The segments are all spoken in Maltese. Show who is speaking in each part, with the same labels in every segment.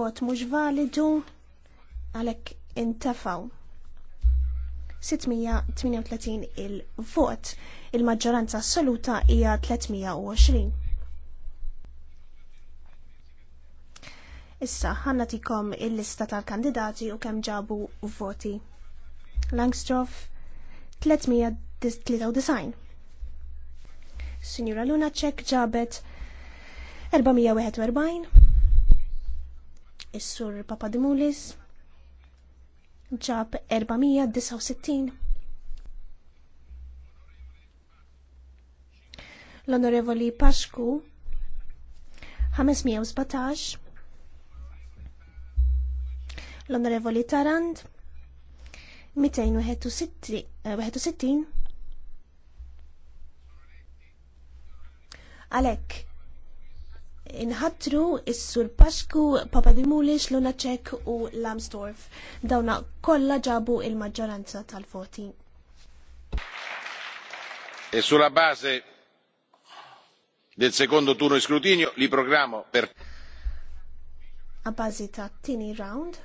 Speaker 1: vot mhux validu għalhekk intefaw. 638 il-vot, il-maġġoranza assoluta hija 320. Issa, ħanna tikom il-lista tal-kandidati u kemm ġabu voti. Langstroff, 393. Signora Luna ċek ġabet 441. Is-sur Papadimulis ġab 469. L-Onorevoli Paxku 517. L-Onorevoli Tarand 261 eh, Għalhekk inħatru is-sur Pasku, Papadimulis, Lunacek u Lamstorf. Dawna kollha ġabu il-maġġoranza tal-voti. E sulla base del secondo turno di scrutinio li programmo per A bażi ta' tini round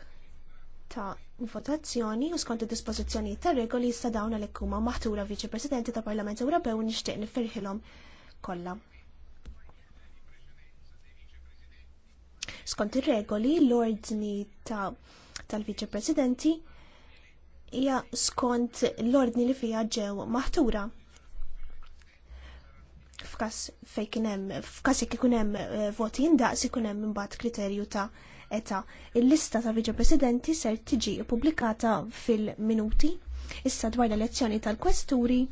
Speaker 1: ta' votazzjoni u skont id-dispożizzjoni ta' regoli sta' dawna l-ekkuma maħtura viċi-presidenti ta' Parlament Ewropew nixtieq nifferħilhom kollha. Skont ir-regoli l-ordni ta' tal-Viċe Presidenti hija skont l-ordni li fiha ġew maħtura. F'każ fejn kien hemm f'każ jekk ikun hemm eh, voti indaqs ikun hemm imbagħad kriterju ta' eta. Il-lista ta' Viċe Presidenti ser tiġi ppubblikata fil-minuti. Issa dwar l-elezzjoni tal-kwesturi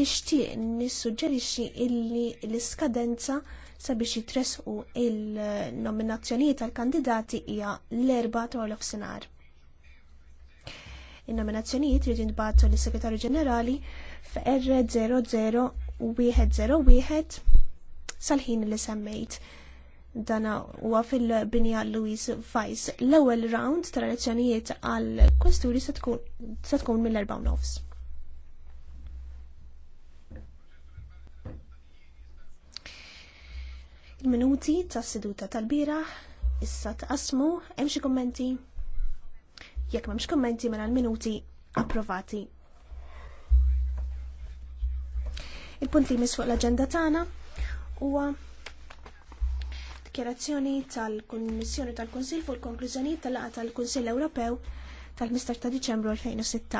Speaker 1: nixtieq nissuġġerixxi illi l-iskadenza sabiex jitresqu il-nominazzjonijiet tal-kandidati hija l-erba tol of Il-nominazzjonijiet jridu jintbagħtu lis segretarju Ġenerali f'R00101 sal-ħin li semmejt dan huwa fil-binja Louis Vice, L-ewwel round tal-elezzjonijiet għal kwesturi se tkun mill-erba' nofs. Il-minuti tas seduta tal-biraħ issa ta' hemm xi kummenti? Jekk m'hemmx kummenti mela l-minuti approvati. Il-punt li fuq l-aġenda tagħna huwa dikjerazzjoni tal-Kummissjoni tal-Kunsill fuq il-konklużjonijiet tal laqa tal-Kunsill Ewropew tal-15 ta' Diċembru 2016.